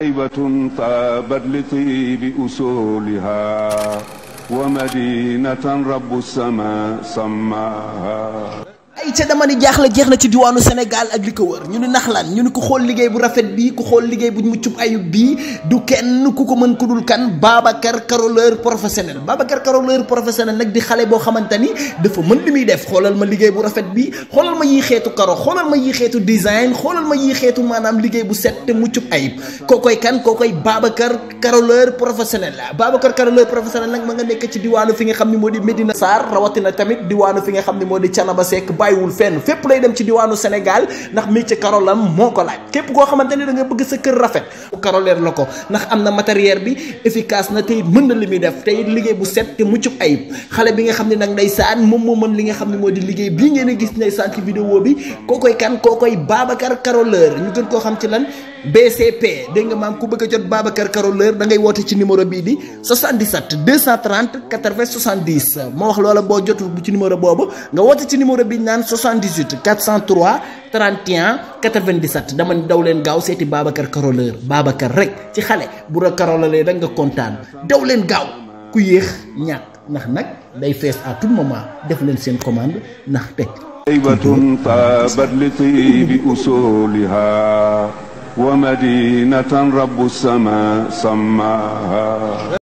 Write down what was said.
طيبة طابت لطيب أصولها ومدينة رب السماء سماها ay ca dama jaax jaaxle jeex na ci diwaanu Sénégal ak li ko wër ñu ni nax lan ñu ni ku xool liggéey bu rafet bii ku xool liggéey bu muccub ayub bii du kenn ku ko mën ku dul kan Babacar caroleur professionnel Babacar caroleur professionnel nag di xale boo xamante ni dafa mën li def xoolal ma liggéey bu rafet bi xoolal ma yii xeetu karo xoolal ma yii xeetu design xoolal ma yii xeetu maanaam liggéey bu set te muccub ayib kookoy kan kookoy Babacar caroleur professionnel la nga nekk ci diwaanu fi nga xam ne moo di Médina Sarr rawatina tamit diwaanu fi nga xam ne moo di Canaba Seck bàyyi wul fenn fépp lay dem ci diwaanu Sénégal ndax métier karolam moo ko laaj képp koo xamante ne da bëgg sa kër rafet karoleer la ko ndax am na matériel bi efficace na tey mën na li muy def tey liggéey bu set te mucc ayib xale bi nga xam ne nag ndeysaan moom moo mën li nga xam ne moo di liggéey bii ngeen a gis ndeysaan ci vidéo bi koo koy kan koo koy Babacar Karoleur ñu gën koo xam ci lan BCP dégg nga maam ku bëgg a jot Babacar Karoleur da ngay woote ci numéro bii di 77 230 80 70 ma wax loola boo jotul bu ci numéro boobu nga woote ci numéro bii naan 78 403 31 97 dama daw leen gaaw seeti Babacar Karoleur Babacar rek ci xale bu la karolalee rek nga kontaan daw leen gaaw ku yéex ñàkk ndax nag day fees à tout moment def leen seen commande ndax teg. ومدينة رب السماء سماها